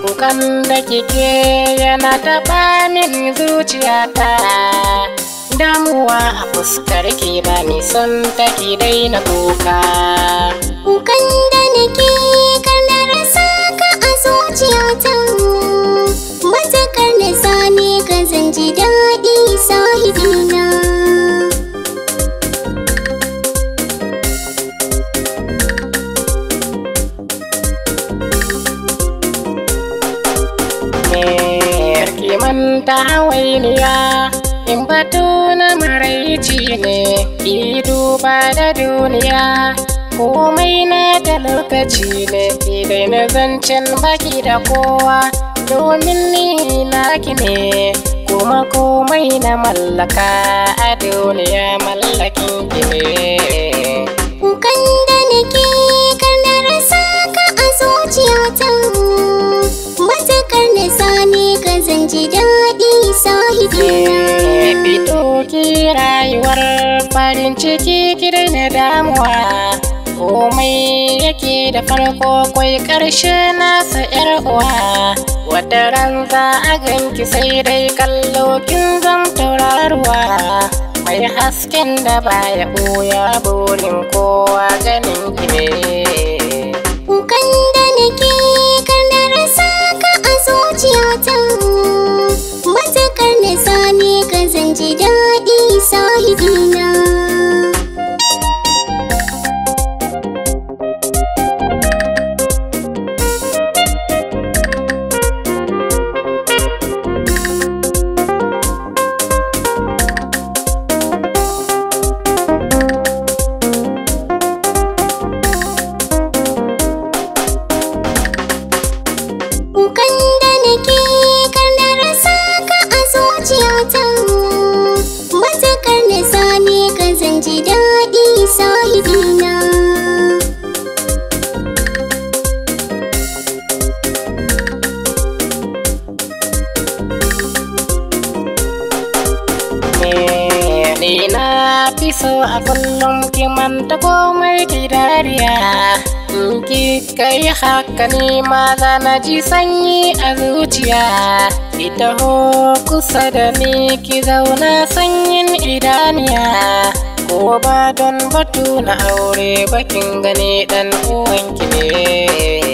Kukan da kike yana taɓa min zuciyata damuwa a fuskar ke ba ni son ta dai daina kuka kukan da nake kar rasa ka a zuciyata matakar na same ka zan ji daɗi sahibina eh, ni ya in batu na maraici ne yi duba da duniya komai na da lokaci ne idai na zancen baki da kowa domin ni naki ne kuma komai na mallaka a duniya mallakin ki rayuwar farin ciki kidai na damuwa komai yake da farko kwai ƙarshe nasa yar uwa wata ran za a ganki sai dai kallo kin zan tauraruwa mai hasken da baya ɓoya burin kowa ganin ki na a kullum ki manta komai ki dariya in ki kai haka ni ma na ji sanyi a zuciya ki taho kusa da ni ki zauna sanyin idaniya ko ba don batu na aure bakin gani dan uwanki ne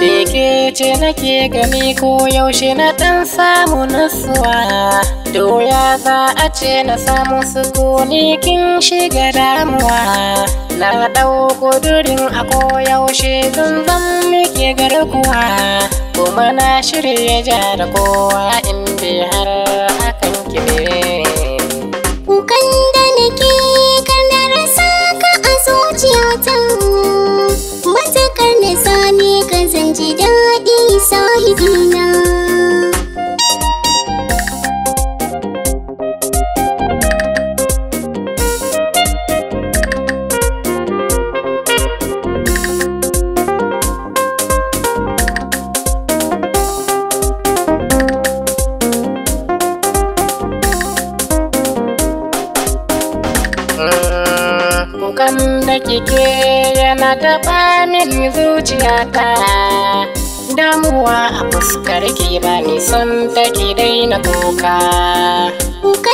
Deke ce nake gani ko yaushe na ɗan samu nasuwa Doya za a ce na samu sukuni kin shiga damuwa Na ɗau kudurin a koyaushe zan zan muke garkuwa Kuma na shirya ja da kowa in bai har akan kibe Kukan da nake kana rasa ka a zuciyata ji daɗi sahibi da kike yana taɓa zuciya zuciyata damuwa a fuskar ki ba ni son take daina kuka